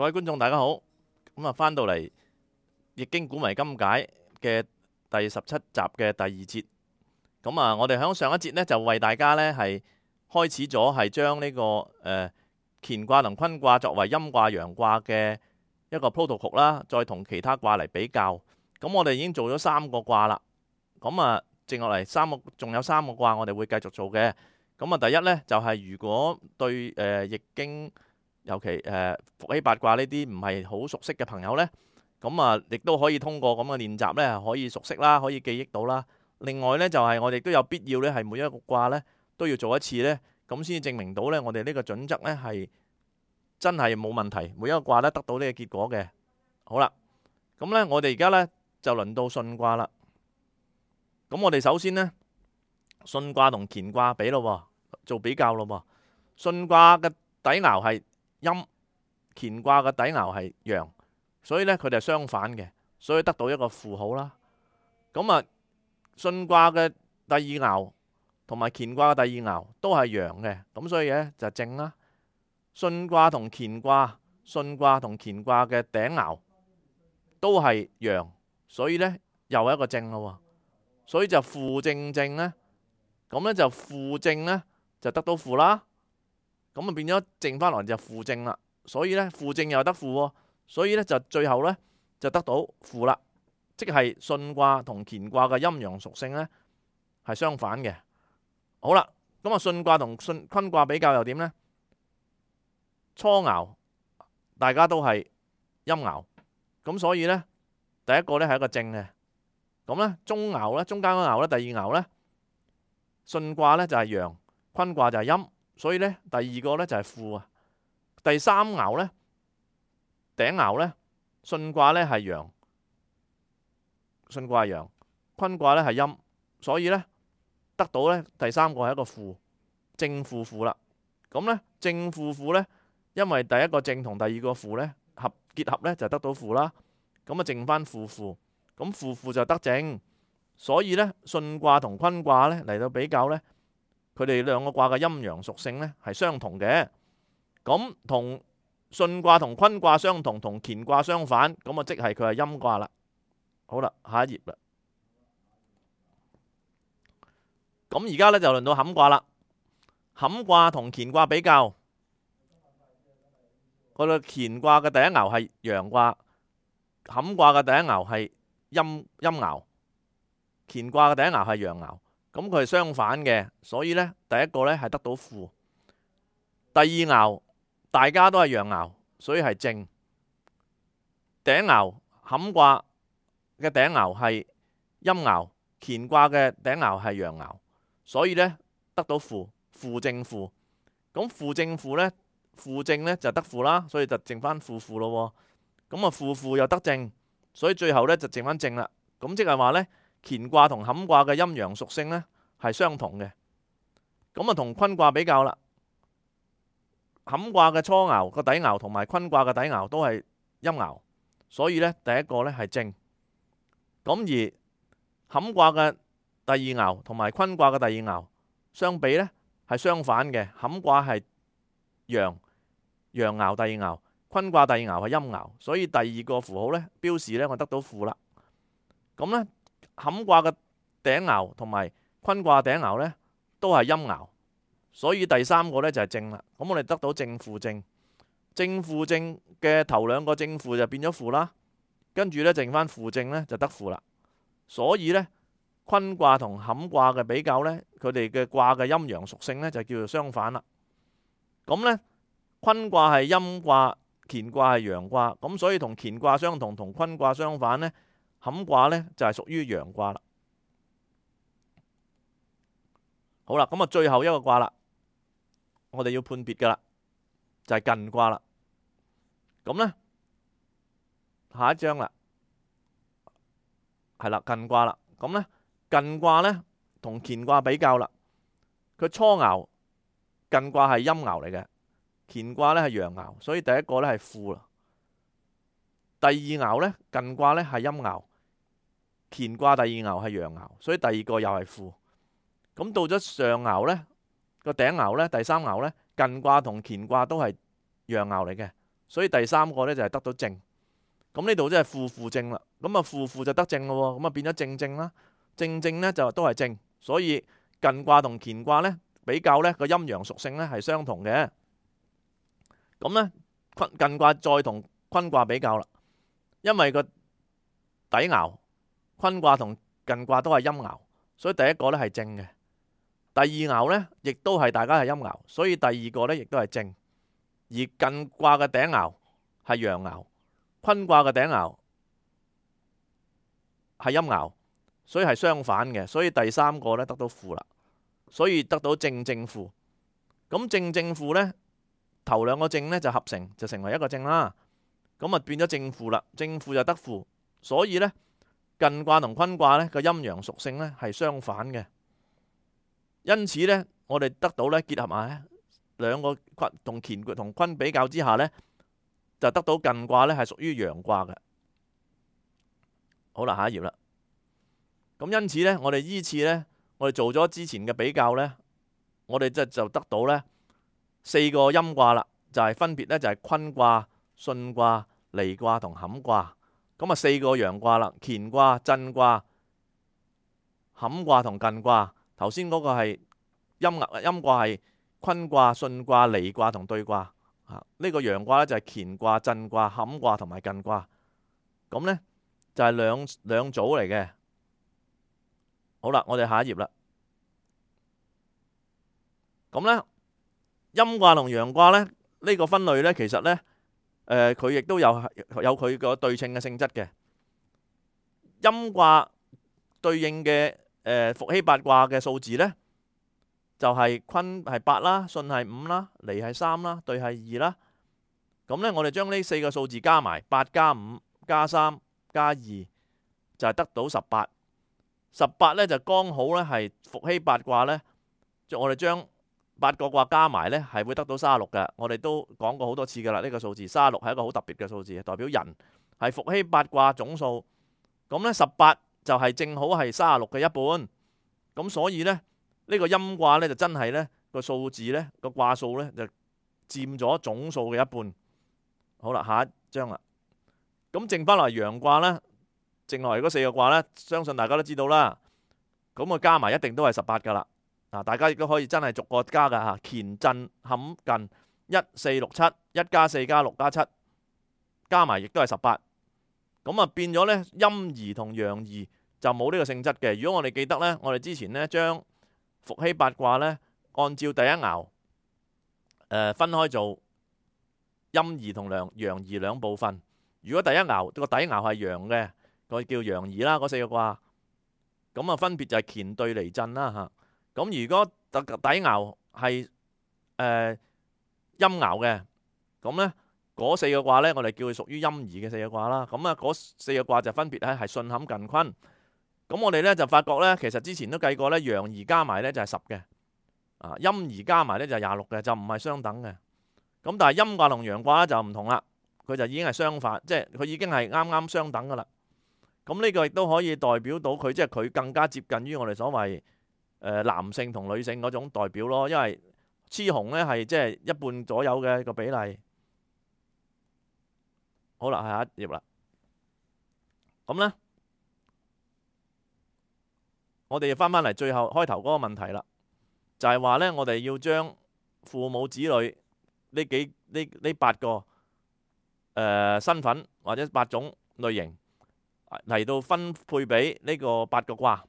各位觀眾，大家好。咁啊，翻到嚟《易經古謎今解》嘅第十七集嘅第二節。咁啊，我哋喺上一節呢，就為大家呢係開始咗係將呢個誒乾卦同坤卦作為陰卦陽卦嘅一個 protocol 啦，再同其他卦嚟比較。咁我哋已經做咗三個卦啦。咁啊，剩落嚟三個仲有三個卦，我哋會繼續做嘅。咁啊，第一呢，就係、是、如果對誒、呃《易經》尤其誒伏羲八卦呢啲唔係好熟悉嘅朋友呢，咁啊亦都可以通過咁嘅練習呢，可以熟悉啦，可以記憶到啦。另外呢，就係、是、我哋都有必要呢，係每一個卦呢都要做一次呢，咁先至證明到呢，我哋呢個準則呢，係真係冇問題，每一個卦呢得到呢個結果嘅。好啦，咁呢，我哋而家呢就輪到巽卦啦。咁我哋首先呢，巽卦同乾卦比咯，做比較咯，巽卦嘅底爻係。陰，乾卦嘅底爻係陽，所以呢，佢哋係相反嘅，所以得到一個負號啦。咁啊，巽卦嘅第二爻同埋乾卦嘅第二爻都係陽嘅，咁所以呢，就正啦。巽卦同乾卦，巽卦同乾卦嘅頂爻都係陽，所以呢，又一個正啦。所以就負正正呢，咁呢，就負正呢，就得到負啦。咁啊，變咗正翻來，就負正啦，所以咧，負正又得負，哦，所以咧，就最後咧，就得到負啦，即係巽卦同乾卦嘅陰陽屬性咧係相反嘅。好啦，咁啊，巽卦同巽坤卦比較又點咧？初爻大家都係陰爻，咁所以咧，第一個咧係一個正嘅，咁咧，中爻咧，中間嗰爻咧，第二爻咧，巽卦咧就係陽，坤卦就係陰。所以咧，第二個咧就係負啊。第三爻咧，頂爻咧，巽卦咧係陽，巽卦陽，坤卦咧係陰。所以咧，得到咧第三個係一個負，正負負啦。咁咧，正負負咧，因為第一個正同第二個負咧合結合咧就得到負啦。咁啊，剩翻負負，咁負負就得正。所以咧，巽卦同坤卦咧嚟到比較咧。佢哋兩個卦嘅陰陽屬性咧，係相同嘅，咁同巽卦同坤卦相同，同乾卦相反，咁啊即係佢係陰卦啦。好啦，下一頁啦。咁而家咧就輪到坎卦啦。坎卦同乾卦比較，嗰個乾卦嘅第一爻係陽卦，坎卦嘅第一爻係陰陰爻，乾卦嘅第一爻係陽爻。咁佢係相反嘅，所以呢第一個呢係得到負，第二爻大家都係陽爻，所以係正。頂爻，坎卦嘅頂爻係陰爻，乾卦嘅頂爻係陽爻，所以呢得到負負正負，咁負正負呢負正呢就得負啦，所以就剩翻負負咯。咁啊負負又得正，所以最後呢就剩翻正啦。咁即係話呢。乾卦同坎卦嘅陰陽屬性呢係相同嘅，咁啊同坤卦比較啦，坎卦嘅初爻個底爻同埋坤卦嘅底爻都係陰爻，所以呢第一個呢係正，咁而坎卦嘅第二爻同埋坤卦嘅第二爻相比呢係相反嘅，坎卦係陽陽爻第二爻，坤卦第二爻係陰爻，所以第二個符號呢標示呢我得到負啦，咁呢。坎卦嘅頂爻同埋坤卦頂爻呢，都係陰爻，所以第三個呢就係正啦。咁我哋得到正負正，正負正嘅頭兩個正負就變咗負啦，跟住呢剩翻負正呢就得負啦。所以呢，坤卦同坎卦嘅比較呢，佢哋嘅卦嘅陰陽屬性呢就叫做相反啦。咁呢，坤卦係陰卦，乾卦係陽卦，咁所以同乾卦相同，同坤卦相反呢。坎卦咧就係屬於陽卦啦，好啦，咁啊最後一個卦啦，我哋要判別噶啦，就係艮卦啦，咁咧下一張啦，係啦，艮卦啦，咁咧艮卦咧同乾卦比較啦，佢初爻艮卦係陰爻嚟嘅，乾卦咧係陽爻，所以第一個咧係負啦，第二爻咧艮卦咧係陰爻。乾卦第二爻係陽爻，所以第二個又係負。咁到咗上爻咧，個頂爻咧，第三爻咧，近卦同乾卦都係陽爻嚟嘅，所以第三個咧就係得到正。咁呢度即係負負正啦。咁啊負負就得正咯，咁啊變咗正正啦。正正咧就都係正，所以近卦同乾卦咧比較咧個陰陽屬性咧係相同嘅。咁咧坤近卦再同坤卦比較啦，因為個底爻。坤卦同艮卦都係陰爻，所以第一個咧係正嘅。第二爻呢亦都係大家係陰爻，所以第二個呢亦都係正。而艮卦嘅頂爻係陽爻，坤卦嘅頂爻係陰爻，所以係相反嘅。所以第三個呢得到負啦，所以得到正正負。咁正正負呢，頭兩個正呢就合成就成為一個正啦。咁啊變咗正負啦，正負就得負，所以呢。近卦同坤卦呢個陰陽屬性呢係相反嘅，因此呢我哋得到呢，結合埋兩個卦同乾卦同坤比較之下呢，就得到近卦呢係屬於陽卦嘅。好啦，下一頁啦。咁因此呢，我哋依次呢，我哋做咗之前嘅比較呢，我哋即係就得到呢四個陰卦啦，就係分別呢就係坤卦、巽卦、離卦同坎卦。咁啊，四個陽卦啦，乾卦、震卦、坎卦同艮卦。頭先嗰個係陰卦，陰卦係坤卦、巽卦、離卦同兌卦。啊，呢個陽卦咧就係乾卦、震卦、坎卦同埋艮卦。咁咧就係兩兩組嚟嘅。好啦，我哋下一頁啦。咁咧，陰卦同陽卦咧，呢個分類咧，其實咧。誒佢亦都有有佢個對稱嘅性質嘅，陰卦對應嘅誒、呃、伏羲八卦嘅數字呢，就係、是、坤係八啦，巽係五啦，離係三啦，兌係二啦。咁呢，我哋將呢四個數字加埋，八加五加三加二，就係得到十八。十八呢，就剛好咧係伏羲八卦呢。我哋將。八個卦加埋呢，係會得到卅六嘅。我哋都講過好多次噶啦，呢個數字卅六係一個好特別嘅數字，代表人係伏羲八卦總數。咁呢，十八就係正好係卅六嘅一半。咁所以呢，呢個陰卦呢就真係呢個數字呢個卦數呢就佔咗總數嘅一半。好啦，下一張啦。咁剩翻落陽卦呢，剩落嚟嗰四個卦呢，相信大家都知道啦。咁啊加埋一定都係十八噶啦。嗱，大家亦都可以真係逐個加噶嚇，乾震坎艮，一四六七一加四加六加七加埋，亦都係十八咁啊。變咗呢，陰兒同陽兒就冇呢個性質嘅。如果我哋記得呢，我哋之前呢將伏羲八卦呢，按照第一爻分開做陰兒同兩陽兒兩部分。如果第一爻個底爻係陽嘅，佢叫陽兒啦，嗰四個卦咁啊，分別就係乾對離震啦嚇。咁如果特底爻係誒、呃、陰爻嘅，咁呢嗰四個卦呢，我哋叫佢屬於陰儀嘅四個卦啦。咁啊，嗰四個卦就分別咧係巽坎、艮坤。咁我哋呢就發覺呢，其實之前都計過呢，陽儀加埋呢就係十嘅，啊陰儀加埋呢就係廿六嘅，就唔係相等嘅。咁但係陰卦同陽卦咧就唔同啦，佢就已經係相反，即係佢已經係啱啱相等噶啦。咁呢個亦都可以代表到佢，即係佢更加接近於我哋所謂。誒男性同女性嗰種代表咯，因為雌雄呢係即係一半左右嘅個比例。好啦，下一頁啦。咁呢，我哋翻返嚟最後開頭嗰個問題啦，就係話呢，我哋要將父母子女呢幾呢呢八個誒、呃、身份或者八種類型嚟到分配俾呢個八個卦。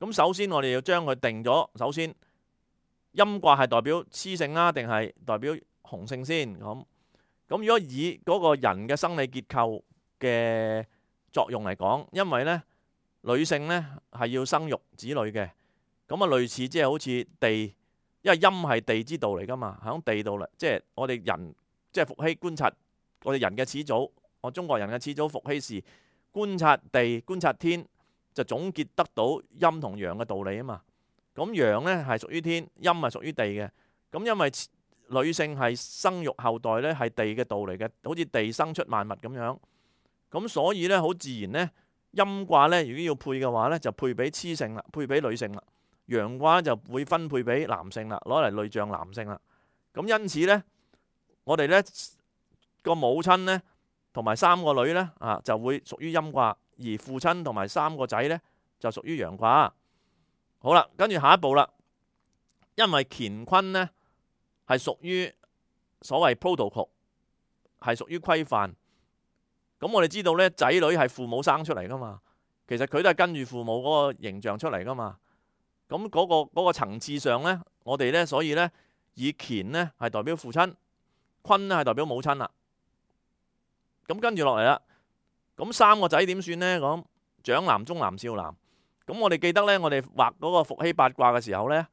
咁首先我哋要將佢定咗，首先陰卦係代表雌性啦，定係代表雄性先？咁咁如果以嗰個人嘅生理結構嘅作用嚟講，因為呢女性呢係要生育子女嘅，咁啊類似即係好似地，因為陰係地之道嚟噶嘛，喺地度嚟。即係我哋人即係伏羲觀察我哋人嘅始祖，我中國人嘅始祖伏羲氏觀察地，觀察天。就總結得到陰同陽嘅道理啊嘛，咁陽呢係屬於天，陰係屬於地嘅。咁因為女性係生育後代呢係地嘅道理嘅，好似地生出萬物咁樣。咁所以呢，好自然呢，陰卦呢如果要配嘅話呢，就配俾雌性啦，配俾女性啦。陽卦就會分配俾男性啦，攞嚟類象男性啦。咁因此呢，我哋呢個母親呢，同埋三個女呢，啊就會屬於陰卦。而父親同埋三個仔呢，就屬於陽卦。好啦，跟住下一步啦。因為乾坤呢，係屬於所謂 protocol 係屬於規範。咁我哋知道呢，仔女係父母生出嚟噶嘛，其實佢都係跟住父母嗰個形象出嚟噶嘛。咁嗰、嗰個、嗰個層次上呢，我哋呢，所以呢，以乾呢係代表父親，坤呢係代表母親啦。咁跟住落嚟啦。咁三個仔點算呢？講長男、中男、少男。咁我哋記得呢，我哋畫嗰個伏羲八卦嘅時候呢，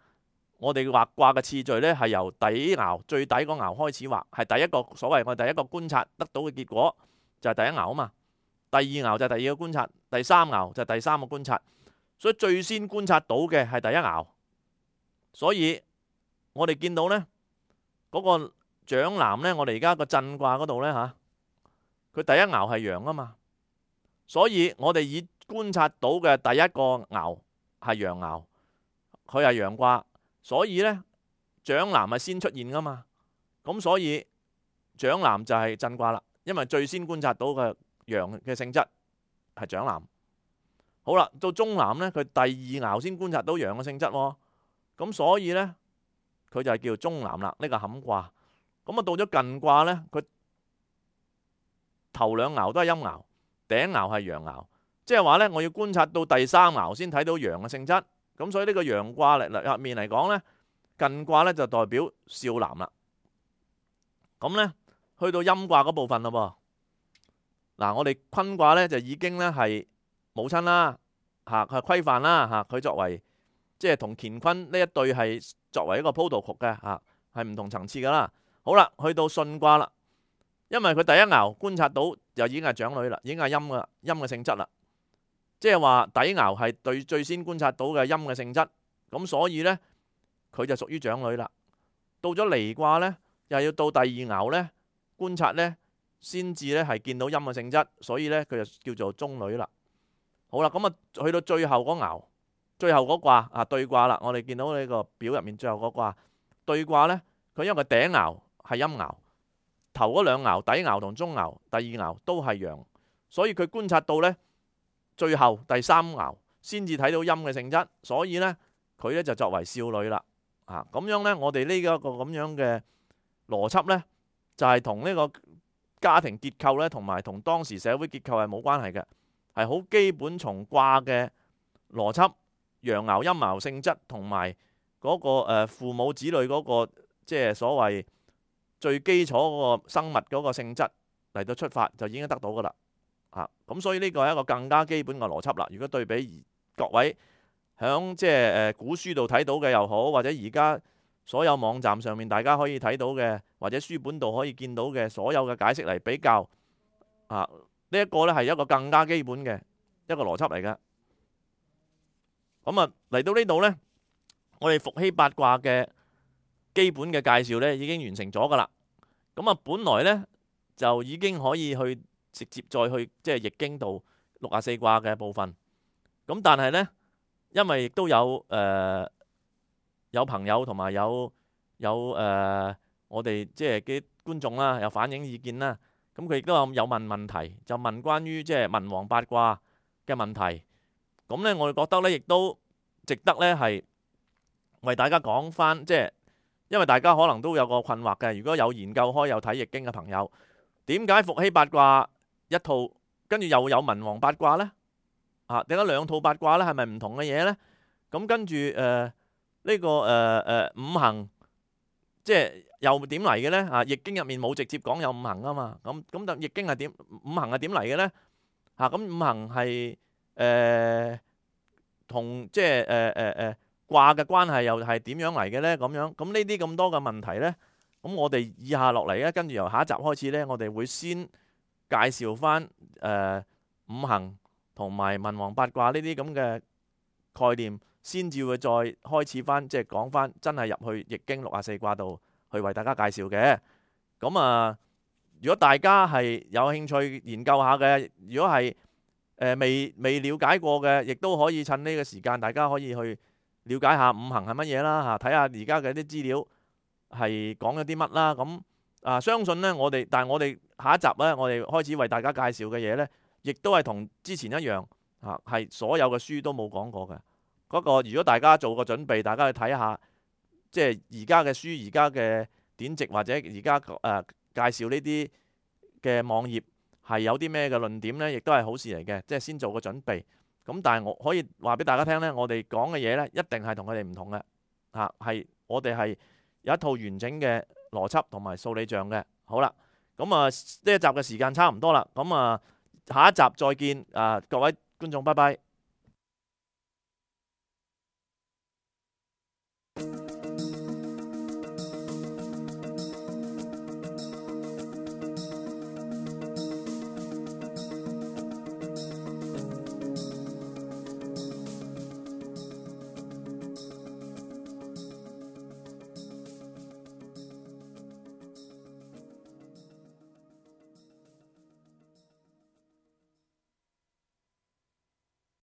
我哋畫卦嘅次序呢，係由底爻最底個爻開始畫，係第一個所謂我第一個觀察得到嘅結果就係第一爻啊嘛。第二爻就係第二個觀察，第三爻就係第三個觀察。所以最先觀察到嘅係第一爻。所以我哋見到呢嗰個長男呢，我哋而家個震卦嗰度呢，嚇，佢第一爻係陽啊嘛。所以我哋以觀察到嘅第一個爻係陽爻，佢係陽卦，所以呢，長男係先出現㗎嘛，咁所以長男就係震卦啦，因為最先觀察到嘅陽嘅性質係長男。好啦，到中男呢，佢第二爻先觀察到陽嘅性質喎、哦，咁所以呢，佢就係叫中男啦，呢、這個坎卦。咁啊到咗艮卦呢，佢頭兩爻都係陰爻。頂爻係陽爻，即係話呢，我要觀察到第三爻先睇到陽嘅性質。咁所以呢個陽卦嚟，入面嚟講呢，艮卦呢就代表少男啦。咁呢，去到陰卦嗰部分咯噃。嗱，我哋坤卦呢就已經呢係母親啦，吓，佢係規範啦，吓，佢作為即係同乾坤呢一對係作為一個 protocol 嘅，吓，係唔同層次噶啦。好啦，去到巽卦啦。因為佢第一爻觀察到就已經係長女啦，已經係陰啦，陰嘅性質啦，即係話底爻係對最先觀察到嘅陰嘅性質，咁所以呢，佢就屬於長女啦。到咗離卦呢，又要到第二爻呢，觀察呢先至呢係見到陰嘅性質，所以呢，佢就叫做中女啦。好啦，咁啊去到最後嗰爻，最後嗰卦啊兌卦啦，我哋見到呢個表入面最後嗰卦兌卦呢，佢因為個頂爻係陰爻。頭嗰兩爻底爻同中爻第二爻都係陽，所以佢觀察到呢，最後第三爻先至睇到陰嘅性質，所以呢佢呢就作為少女啦。啊，咁樣呢，我哋呢個咁樣嘅邏輯呢，就係同呢個家庭結構呢，同埋同當時社會結構係冇關係嘅，係好基本從卦嘅邏輯，陽爻陰爻性質同埋嗰個誒父母子女嗰個即係所謂。最基礎嗰個生物嗰個性質嚟到出發，就已經得到噶啦，咁所以呢個係一個更加基本嘅邏輯啦。如果對比而各位喺即係古書度睇到嘅又好，或者而家所有網站上面大家可以睇到嘅，或者書本度可以見到嘅所有嘅解釋嚟比較，啊呢一個呢係一個更加基本嘅一個邏輯嚟嘅。咁啊嚟到呢度呢，我哋伏羲八卦嘅。基本嘅介紹呢已經完成咗噶啦，咁啊，本來呢就已經可以去直接再去即係易經度六十四卦嘅部分，咁但係呢，因為亦都有誒、呃、有朋友同埋有有誒、呃、我哋即係嘅觀眾啦，有反映意見啦，咁佢亦都有問問題，就問關於即係文王八卦嘅問題，咁呢，我哋覺得呢，亦都值得呢係為大家講返即係。就是因為大家可能都有個困惑嘅，如果有研究開有睇易經嘅朋友，點解伏羲八卦一套，跟住又有文王八卦咧？啊，點解兩套八卦咧係咪唔同嘅嘢咧？咁跟住誒呢個誒誒五行，即係又點嚟嘅咧？啊，易經入面冇直接講有五行啊嘛，咁咁但易經係點五行係點嚟嘅咧？吓咁五行係誒同即係誒誒誒。卦嘅關係又係點樣嚟嘅呢？咁樣咁呢啲咁多嘅問題呢，咁我哋以下落嚟咧，跟住由下一集開始呢，我哋會先介紹翻誒五行同埋文王八卦呢啲咁嘅概念，先至會再開始翻，即係講翻真係入去易經六十四卦度去為大家介紹嘅。咁啊，如果大家係有興趣研究下嘅，如果係誒未未了解過嘅，亦都可以趁呢個時間，大家可以去。了解下五行係乜嘢啦嚇，睇下而家嘅啲資料係講咗啲乜啦。咁啊，相信呢，我哋，但係我哋下一集咧，我哋開始為大家介紹嘅嘢呢，亦都係同之前一樣啊，係所有嘅書都冇講過嘅嗰個。如果大家做個準備，大家去睇下，即係而家嘅書、而家嘅典籍或者而家誒介紹呢啲嘅網頁係有啲咩嘅論點呢？亦都係好事嚟嘅，即係先做個準備。咁但係我可以話俾大家聽咧，我哋講嘅嘢咧一定係同佢哋唔同嘅。吓，係我哋係有一套完整嘅邏輯同埋數理象嘅。好啦，咁啊呢一集嘅時間差唔多啦，咁啊下一集再見啊各位觀眾，拜拜。